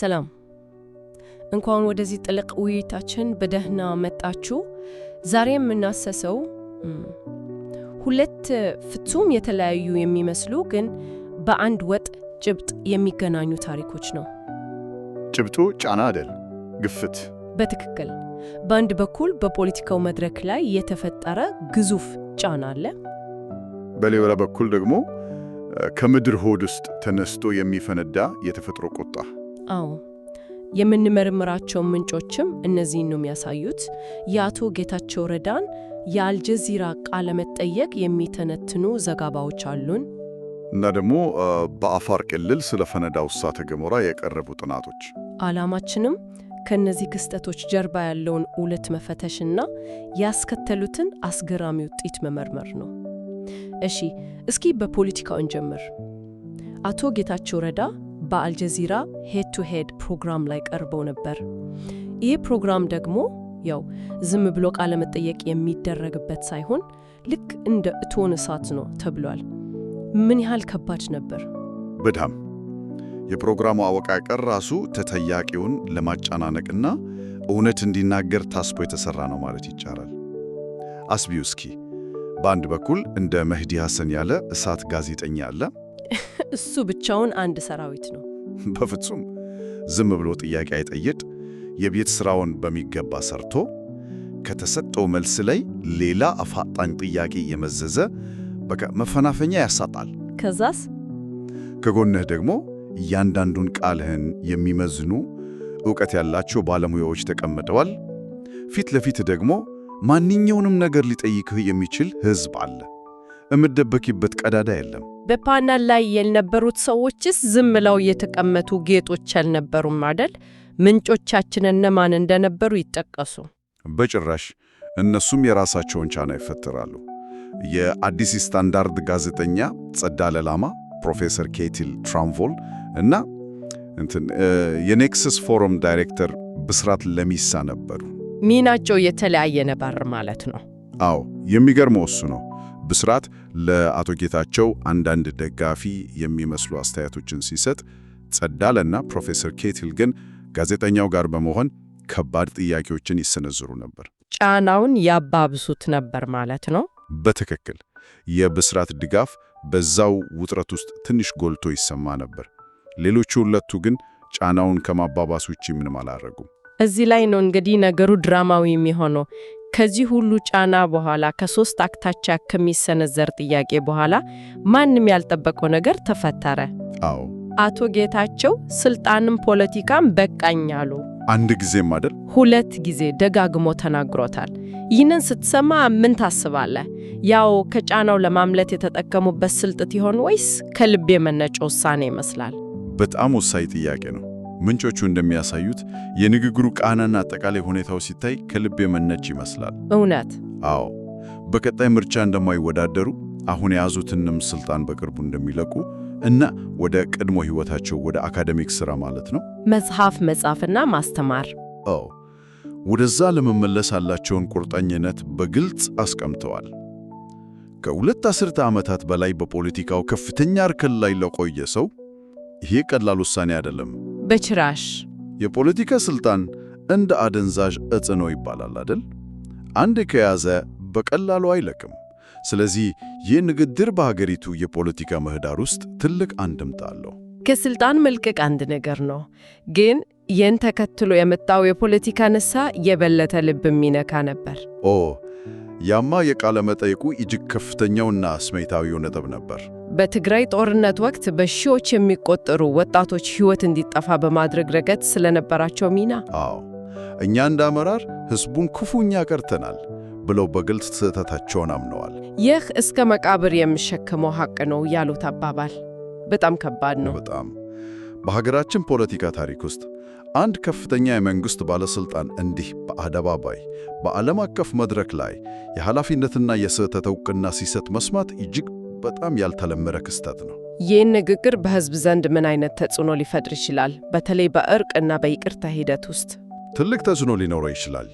ሰላም እንኳን ወደዚህ ጥልቅ ውይይታችን በደህና መጣችሁ። ዛሬ የምናሰሰው ሁለት ፍጹም የተለያዩ የሚመስሉ ግን በአንድ ወጥ ጭብጥ የሚገናኙ ታሪኮች ነው። ጭብጡ ጫና አይደል፣ ግፍት። በትክክል በአንድ በኩል በፖለቲካው መድረክ ላይ የተፈጠረ ግዙፍ ጫና አለ። በሌላ በኩል ደግሞ ከምድር ሆድ ውስጥ ተነስቶ የሚፈነዳ የተፈጥሮ ቁጣ አዎ የምንመረምራቸው ምንጮችም እነዚህን ነው የሚያሳዩት። የአቶ ጌታቸው ረዳን የአልጀዚራ ቃለ መጠየቅ የሚተነትኑ ዘገባዎች አሉን እና ደግሞ በአፋር ክልል ስለ ፈነዳው እሳተ ገሞራ የቀረቡ ጥናቶች። ዓላማችንም ከእነዚህ ክስተቶች ጀርባ ያለውን እውነት መፈተሽና ያስከተሉትን አስገራሚ ውጤት መመርመር ነው። እሺ፣ እስኪ በፖለቲካው እንጀምር። አቶ ጌታቸው ረዳ በአልጀዚራ ሄድ ቱ ሄድ ፕሮግራም ላይ ቀርበው ነበር። ይህ ፕሮግራም ደግሞ ያው ዝም ብሎ ቃለመጠየቅ የሚደረግበት ሳይሆን ልክ እንደ እቶን እሳት ነው ተብሏል። ምን ያህል ከባድ ነበር! በጣም የፕሮግራሙ አወቃቀር ራሱ ተጠያቂውን ለማጨናነቅና እውነት እንዲናገር ታስቦ የተሰራ ነው ማለት ይቻላል። አስቢው እስኪ በአንድ በኩል እንደ መህዲ ሐሰን ያለ እሳት ጋዜጠኛ አለ። እሱ ብቻውን አንድ ሰራዊት ነው? በፍጹም ዝም ብሎ ጥያቄ አይጠይቅ። የቤት ስራውን በሚገባ ሰርቶ ከተሰጠው መልስ ላይ ሌላ አፋጣኝ ጥያቄ የመዘዘ በቃ መፈናፈኛ ያሳጣል። ከዛስ ከጎንህ ደግሞ እያንዳንዱን ቃልህን የሚመዝኑ እውቀት ያላቸው ባለሙያዎች ተቀምጠዋል። ፊት ለፊት ደግሞ ማንኛውንም ነገር ሊጠይክህ የሚችል ህዝብ አለ። የምደበኪበት ቀዳዳ የለም። በፓናል ላይ ያልነበሩት ሰዎችስ ዝም ብለው የተቀመጡ ጌጦች አልነበሩም አደል? ምንጮቻችን እነማን እንደነበሩ ይጠቀሱ? በጭራሽ። እነሱም የራሳቸውን ቻና ይፈጥራሉ። የአዲስ ስታንዳርድ ጋዜጠኛ ጸዳለ ላማ፣ ፕሮፌሰር ኬቲል ትራምቮል እና እንትን የኔክሰስ ፎረም ዳይሬክተር ብስራት ለሚሳ ነበሩ። ሚናቸው የተለያየ ነበር ማለት ነው። አዎ፣ የሚገርመው እሱ ነው። ብስራት ለአቶ ጌታቸው አንዳንድ ደጋፊ የሚመስሉ አስተያየቶችን ሲሰጥ፣ ጸዳለና ፕሮፌሰር ኬትል ግን ጋዜጠኛው ጋር በመሆን ከባድ ጥያቄዎችን ይሰነዝሩ ነበር። ጫናውን ያባብሱት ነበር ማለት ነው። በትክክል የብስራት ድጋፍ በዛው ውጥረት ውስጥ ትንሽ ጎልቶ ይሰማ ነበር። ሌሎቹ ሁለቱ ግን ጫናውን ከማባባስ ውጪ ምንም አላረጉም። እዚህ ላይ ነው እንግዲህ ነገሩ ድራማዊ የሚሆነው። ከዚህ ሁሉ ጫና በኋላ ከሶስት አቅታቻ ከሚሰነዘር ጥያቄ በኋላ ማንም ያልጠበቀው ነገር ተፈጠረ። አዎ አቶ ጌታቸው ስልጣንም ፖለቲካም በቃኝ አሉ። አንድ ጊዜም አይደል ሁለት ጊዜ ደጋግሞ ተናግሮታል። ይህንን ስትሰማ ምን ታስባለህ? ያው ከጫናው ለማምለት የተጠቀሙበት ስልጥት ይሆን ወይስ ከልብ የመነጨ ውሳኔ ይመስላል? በጣም ወሳኝ ጥያቄ ነው። ምንጮቹ እንደሚያሳዩት የንግግሩ ቃናና አጠቃላይ ሁኔታው ሲታይ ከልብ የመነጭ ይመስላል። እውነት? አዎ። በቀጣይ ምርጫ እንደማይወዳደሩ አሁን የያዙትንም ስልጣን በቅርቡ እንደሚለቁ እና ወደ ቀድሞ ህይወታቸው ወደ አካደሚክ ስራ ማለት ነው መጽሐፍ መጻፍና ማስተማር ኦ ወደዛ ለመመለስ ያላቸውን ቁርጠኝነት በግልጽ አስቀምጠዋል። ከሁለት አስርተ ዓመታት በላይ በፖለቲካው ከፍተኛ እርከን ላይ ለቆየ ሰው ይሄ ቀላል ውሳኔ አይደለም በጭራሽ። የፖለቲካ ስልጣን እንደ አደንዛዥ እጽ ነው ይባላል አይደል? አንድ ከያዘ በቀላሉ አይለቅም። ስለዚህ ይህ ንግድር በሀገሪቱ የፖለቲካ ምህዳር ውስጥ ትልቅ አንድምታ አለው። ከስልጣን መልቀቅ አንድ ነገር ነው፣ ግን ይህን ተከትሎ የመጣው የፖለቲካ ንሳ የበለጠ ልብ የሚነካ ነበር። ኦ ያማ የቃለ መጠይቁ እጅግ ከፍተኛውና ስሜታዊው ነጥብ ነበር። በትግራይ ጦርነት ወቅት በሺዎች የሚቆጠሩ ወጣቶች ሕይወት እንዲጠፋ በማድረግ ረገድ ስለነበራቸው ሚና አዎ እኛ እንደ አመራር ሕዝቡን ክፉኛ ቀርተናል ብለው በግልጽ ስህተታቸውን አምነዋል። ይህ እስከ መቃብር የሚሸከመው ሐቅ ነው ያሉት አባባል በጣም ከባድ ነው። በጣም በሀገራችን ፖለቲካ ታሪክ ውስጥ አንድ ከፍተኛ የመንግሥት ባለሥልጣን እንዲህ በአደባባይ በዓለም አቀፍ መድረክ ላይ የኃላፊነትና የስህተት ዕውቅና ሲሰጥ መስማት እጅግ በጣም ያልተለመደ ክስተት ነው። ይህን ንግግር በህዝብ ዘንድ ምን አይነት ተጽዕኖ ሊፈጥር ይችላል? በተለይ በእርቅ እና በይቅርታ ሂደት ውስጥ ትልቅ ተጽዕኖ ሊኖረው ይችላል።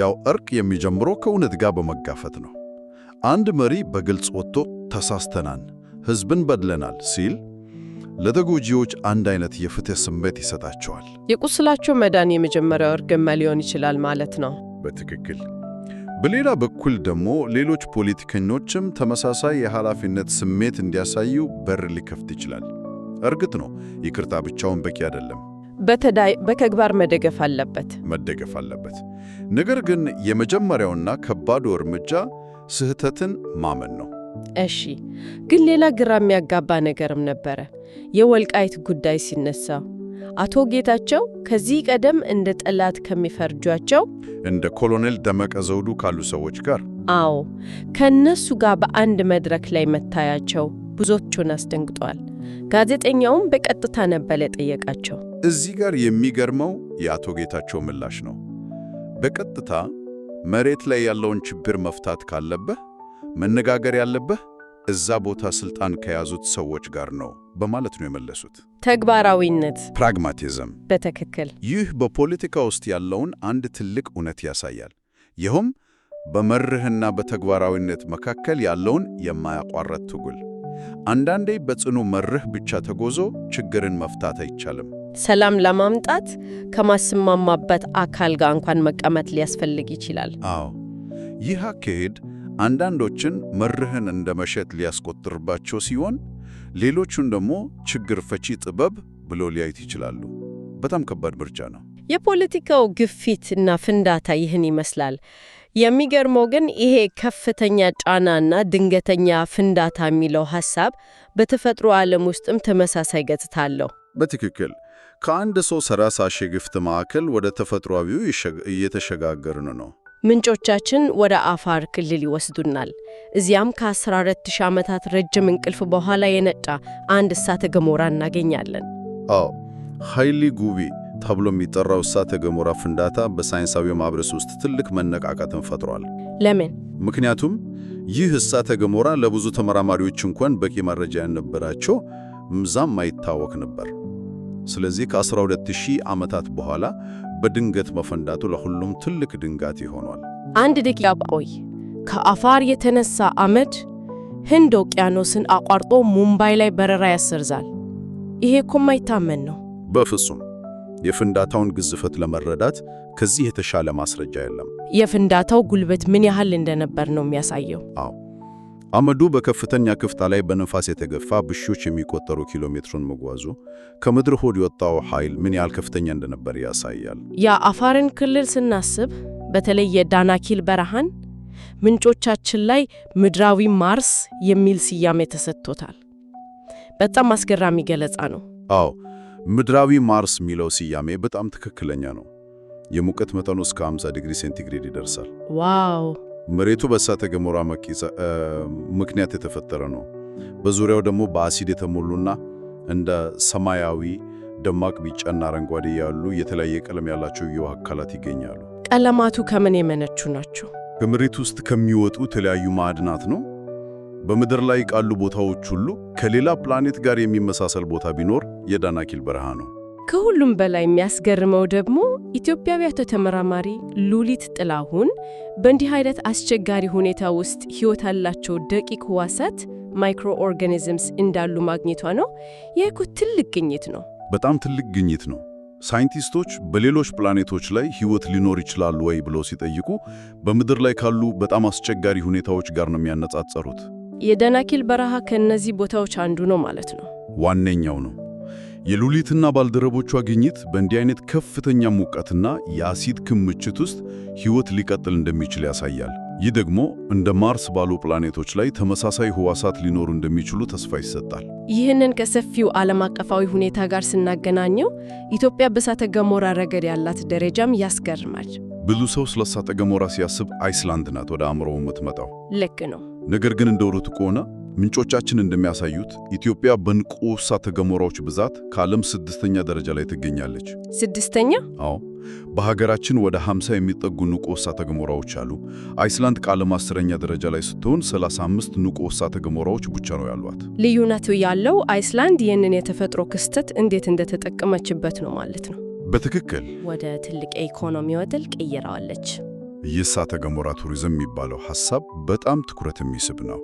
ያው እርቅ የሚጀምረው ከእውነት ጋር በመጋፈት ነው። አንድ መሪ በግልጽ ወጥቶ ተሳስተናል፣ ህዝብን በድለናል ሲል ለተጎጂዎች አንድ አይነት የፍትህ ስሜት ይሰጣቸዋል። የቁስላቸው መዳን የመጀመሪያው እርግማ ሊሆን ይችላል ማለት ነው። በትክክል በሌላ በኩል ደግሞ ሌሎች ፖለቲከኞችም ተመሳሳይ የኃላፊነት ስሜት እንዲያሳዩ በር ሊከፍት ይችላል። እርግጥ ነው ይቅርታ ብቻውን በቂ አይደለም። በተዳይ በተግባር መደገፍ አለበት መደገፍ አለበት። ነገር ግን የመጀመሪያውና ከባዱ እርምጃ ስህተትን ማመን ነው። እሺ፣ ግን ሌላ ግራ የሚያጋባ ነገርም ነበረ የወልቃይት ጉዳይ ሲነሳ አቶ ጌታቸው ከዚህ ቀደም እንደ ጠላት ከሚፈርጇቸው እንደ ኮሎኔል ደመቀ ዘውዱ ካሉ ሰዎች ጋር አዎ ከእነሱ ጋር በአንድ መድረክ ላይ መታያቸው ብዙዎቹን አስደንግጧል። ጋዜጠኛውም በቀጥታ ነበር የጠየቃቸው። እዚህ ጋር የሚገርመው የአቶ ጌታቸው ምላሽ ነው። በቀጥታ መሬት ላይ ያለውን ችግር መፍታት ካለብህ መነጋገር ያለብህ እዛ ቦታ ስልጣን ከያዙት ሰዎች ጋር ነው በማለት ነው የመለሱት። ተግባራዊነት ፕራግማቲዝም። በትክክል ይህ በፖለቲካ ውስጥ ያለውን አንድ ትልቅ እውነት ያሳያል። ይኸውም በመርህና በተግባራዊነት መካከል ያለውን የማያቋረጥ ትጉል። አንዳንዴ በጽኑ መርህ ብቻ ተጎዞ ችግርን መፍታት አይቻልም። ሰላም ለማምጣት ከማስማማበት አካል ጋር እንኳን መቀመጥ ሊያስፈልግ ይችላል። አዎ ይህ አካሄድ አንዳንዶችን መርህን እንደ መሸጥ ሊያስቆጥርባቸው ሲሆን፣ ሌሎቹን ደግሞ ችግር ፈቺ ጥበብ ብሎ ሊያዩት ይችላሉ። በጣም ከባድ ምርጫ ነው። የፖለቲካው ግፊት እና ፍንዳታ ይህን ይመስላል። የሚገርመው ግን ይሄ ከፍተኛ ጫናና ድንገተኛ ፍንዳታ የሚለው ሐሳብ በተፈጥሮ ዓለም ውስጥም ተመሳሳይ ገጽታ አለው። በትክክል ከአንድ ሰው ሰራሳሽ ግፍት ማዕከል ወደ ተፈጥሯዊው እየተሸጋገርን ነው። ምንጮቻችን ወደ አፋር ክልል ይወስዱናል። እዚያም ከ14000 ዓመታት ረጅም እንቅልፍ በኋላ የነጣ አንድ እሳተ ገሞራ እናገኛለን። አዎ ሃይሊ ጉቢ ተብሎ የሚጠራው እሳተ ገሞራ ፍንዳታ በሳይንሳዊ ማህበረሰብ ውስጥ ትልቅ መነቃቃትን ፈጥሯል። ለምን? ምክንያቱም ይህ እሳተ ገሞራ ለብዙ ተመራማሪዎች እንኳን በቂ መረጃ ያልነበራቸው ምዛም አይታወቅ ነበር። ስለዚህ ከ12000 ዓመታት በኋላ በድንገት መፈንዳቱ ለሁሉም ትልቅ ድንጋጤ ሆኗል። አንድ ደቂቃ ቆይ። ከአፋር የተነሳ አመድ ህንድ ውቅያኖስን አቋርጦ ሙምባይ ላይ በረራ ያሰርዛል። ይሄ እኮ የማይታመን ነው። በፍጹም። የፍንዳታውን ግዝፈት ለመረዳት ከዚህ የተሻለ ማስረጃ የለም። የፍንዳታው ጉልበት ምን ያህል እንደነበር ነው የሚያሳየው። አዎ አመዱ በከፍተኛ ከፍታ ላይ በነፋስ የተገፋ ብሾች የሚቆጠሩ ኪሎ ሜትሩን መጓዙ ከምድር ሆድ የወጣው ኃይል ምን ያህል ከፍተኛ እንደነበር ያሳያል። የአፋርን ክልል ስናስብ በተለይ የዳናኪል በረሃን ምንጮቻችን ላይ ምድራዊ ማርስ የሚል ስያሜ ተሰጥቶታል። በጣም አስገራሚ ገለጻ ነው። አዎ ምድራዊ ማርስ የሚለው ስያሜ በጣም ትክክለኛ ነው። የሙቀት መጠኑ እስከ 50 ዲግሪ ሴንቲግሬድ ይደርሳል። ዋው መሬቱ በእሳተ ገሞራ ምክንያት የተፈጠረ ነው። በዙሪያው ደግሞ በአሲድ የተሞሉና እንደ ሰማያዊ፣ ደማቅ ቢጫና አረንጓዴ ያሉ የተለያየ ቀለም ያላቸው የውሃ አካላት ይገኛሉ። ቀለማቱ ከምን የመነቹ ናቸው? ከመሬት ውስጥ ከሚወጡ የተለያዩ ማዕድናት ነው። በምድር ላይ ካሉ ቦታዎች ሁሉ ከሌላ ፕላኔት ጋር የሚመሳሰል ቦታ ቢኖር የዳናኪል በረሃ ነው። ከሁሉም በላይ የሚያስገርመው ደግሞ ኢትዮጵያውያ ተመራማሪ ሉሊት ጥላሁን በእንዲህ አይነት አስቸጋሪ ሁኔታ ውስጥ ሕይወት ያላቸው ደቂቅ ህዋሳት ማይክሮ ኦርጋኒዝምስ እንዳሉ ማግኘቷ ነው። ይህ እኮ ትልቅ ግኝት ነው። በጣም ትልቅ ግኝት ነው። ሳይንቲስቶች በሌሎች ፕላኔቶች ላይ ሕይወት ሊኖር ይችላሉ ወይ ብለው ሲጠይቁ በምድር ላይ ካሉ በጣም አስቸጋሪ ሁኔታዎች ጋር ነው የሚያነጻጸሩት። የደናኪል በረሃ ከእነዚህ ቦታዎች አንዱ ነው ማለት ነው። ዋነኛው ነው። የሉሊትና ባልደረቦቿ ግኝት በእንዲህ አይነት ከፍተኛ ሙቀትና የአሲድ ክምችት ውስጥ ሕይወት ሊቀጥል እንደሚችል ያሳያል። ይህ ደግሞ እንደ ማርስ ባሉ ፕላኔቶች ላይ ተመሳሳይ ህዋሳት ሊኖሩ እንደሚችሉ ተስፋ ይሰጣል። ይህንን ከሰፊው ዓለም አቀፋዊ ሁኔታ ጋር ስናገናኘው ኢትዮጵያ በእሳተ ገሞራ ረገድ ያላት ደረጃም ያስገርማል። ብዙ ሰው ስለ እሳተ ገሞራ ሲያስብ አይስላንድ ናት ወደ አእምሮ የምትመጣው። ልክ ነው። ነገር ግን እንደ እውነቱ ከሆነ ምንጮቻችን እንደሚያሳዩት ኢትዮጵያ በንቁ እሳተ ገሞራዎች ብዛት ከዓለም ስድስተኛ ደረጃ ላይ ትገኛለች። ስድስተኛ? አዎ። በሀገራችን ወደ 50 የሚጠጉ ንቁ እሳተ ገሞራዎች አሉ። አይስላንድ ከዓለም አስረኛ ደረጃ ላይ ስትሆን 35 ንቁ እሳተ ገሞራዎች ብቻ ነው ያሏት። ልዩነቱ ያለው አይስላንድ ይህንን የተፈጥሮ ክስተት እንዴት እንደተጠቀመችበት ነው ማለት ነው። በትክክል ወደ ትልቅ የኢኮኖሚ ወደል ቀይረዋለች። የእሳተ ገሞራ ቱሪዝም የሚባለው ሐሳብ በጣም ትኩረት የሚስብ ነው።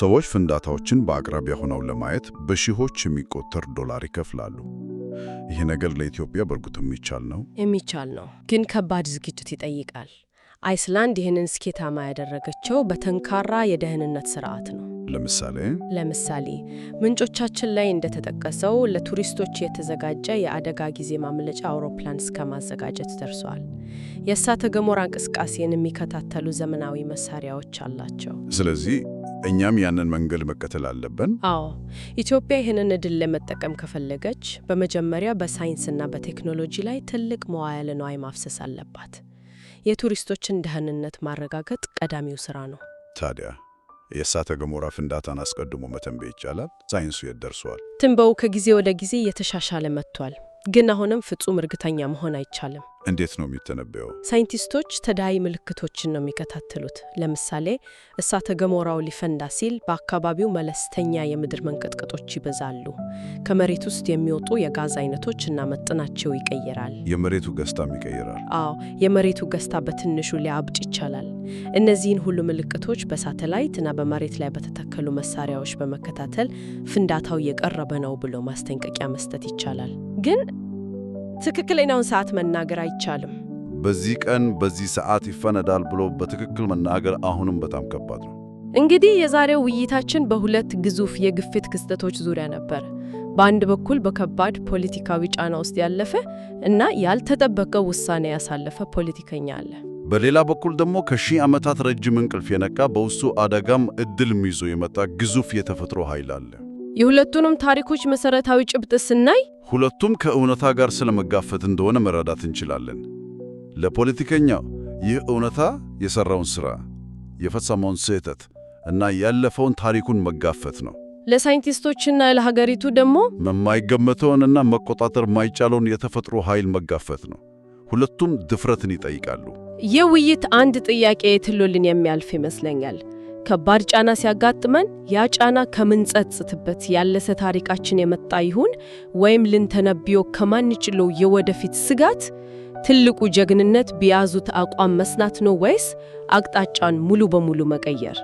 ሰዎች ፍንዳታዎችን በአቅራቢያ ሆነው ለማየት በሺዎች የሚቆጠር ዶላር ይከፍላሉ። ይህ ነገር ለኢትዮጵያ በእርግጥ የሚቻል ነው? የሚቻል ነው፣ ግን ከባድ ዝግጅት ይጠይቃል። አይስላንድ ይህንን ስኬታማ ያደረገችው በተንካራ የደህንነት ስርዓት ነው። ለምሳሌ ለምሳሌ ምንጮቻችን ላይ እንደተጠቀሰው ለቱሪስቶች የተዘጋጀ የአደጋ ጊዜ ማምለጫ አውሮፕላን እስከ ማዘጋጀት የእሳተ ገሞራ እንቅስቃሴን የሚከታተሉ ዘመናዊ መሳሪያዎች አላቸው። ስለዚህ እኛም ያንን መንገድ መከተል አለብን። አዎ ኢትዮጵያ ይህንን እድል ለመጠቀም ከፈለገች በመጀመሪያ በሳይንስና በቴክኖሎጂ ላይ ትልቅ መዋዕለ ንዋይ ማፍሰስ አለባት። የቱሪስቶችን ደህንነት ማረጋገጥ ቀዳሚው ስራ ነው። ታዲያ የእሳተ ገሞራ ፍንዳታን አስቀድሞ መተንበይ ይቻላል? ሳይንሱ የት ደርሷል? ትንበው ከጊዜ ወደ ጊዜ እየተሻሻለ መጥቷል፣ ግን አሁንም ፍጹም እርግጠኛ መሆን አይቻልም። እንዴት ነው የሚተነበየው? ሳይንቲስቶች ተዳይ ምልክቶችን ነው የሚከታተሉት። ለምሳሌ እሳተ ገሞራው ሊፈንዳ ሲል በአካባቢው መለስተኛ የምድር መንቀጥቀጦች ይበዛሉ። ከመሬት ውስጥ የሚወጡ የጋዝ አይነቶች እና መጠናቸው ይቀየራል። የመሬቱ ገጽታም ይቀየራል። አዎ፣ የመሬቱ ገጽታ በትንሹ ሊያብጥ ይቻላል። እነዚህን ሁሉ ምልክቶች በሳተላይት እና በመሬት ላይ በተተከሉ መሳሪያዎች በመከታተል ፍንዳታው የቀረበ ነው ብሎ ማስጠንቀቂያ መስጠት ይቻላል ግን ትክክለኛውን ሰዓት መናገር አይቻልም። በዚህ ቀን በዚህ ሰዓት ይፈነዳል ብሎ በትክክል መናገር አሁንም በጣም ከባድ ነው። እንግዲህ የዛሬው ውይይታችን በሁለት ግዙፍ የግፊት ክስተቶች ዙሪያ ነበር። በአንድ በኩል በከባድ ፖለቲካዊ ጫና ውስጥ ያለፈ እና ያልተጠበቀ ውሳኔ ያሳለፈ ፖለቲከኛ አለ። በሌላ በኩል ደግሞ ከሺህ ዓመታት ረጅም እንቅልፍ የነቃ በውሱ አደጋም እድል ይዞ የመጣ ግዙፍ የተፈጥሮ ኃይል አለ። የሁለቱንም ታሪኮች መሰረታዊ ጭብጥ ስናይ ሁለቱም ከእውነታ ጋር ስለመጋፈት እንደሆነ መረዳት እንችላለን። ለፖለቲከኛው ይህ እውነታ የሰራውን ስራ፣ የፈጸመውን ስህተት እና ያለፈውን ታሪኩን መጋፈት ነው። ለሳይንቲስቶችና ለሀገሪቱ ደግሞ የማይገመተውንና መቆጣጠር ማይቻለውን የተፈጥሮ ኃይል መጋፈት ነው። ሁለቱም ድፍረትን ይጠይቃሉ። የውይይት ውይይት አንድ ጥያቄ ትሎልን የሚያልፍ ይመስለኛል። ከባድ ጫና ሲያጋጥመን ያ ጫና ከምንጸጽትበት ያለሰ ታሪካችን የመጣ ይሁን ወይም ልንተነብዮ ከማንችለው የወደፊት ስጋት ትልቁ ጀግንነት በያዙት አቋም መስናት ነው ወይስ አቅጣጫን ሙሉ በሙሉ መቀየር?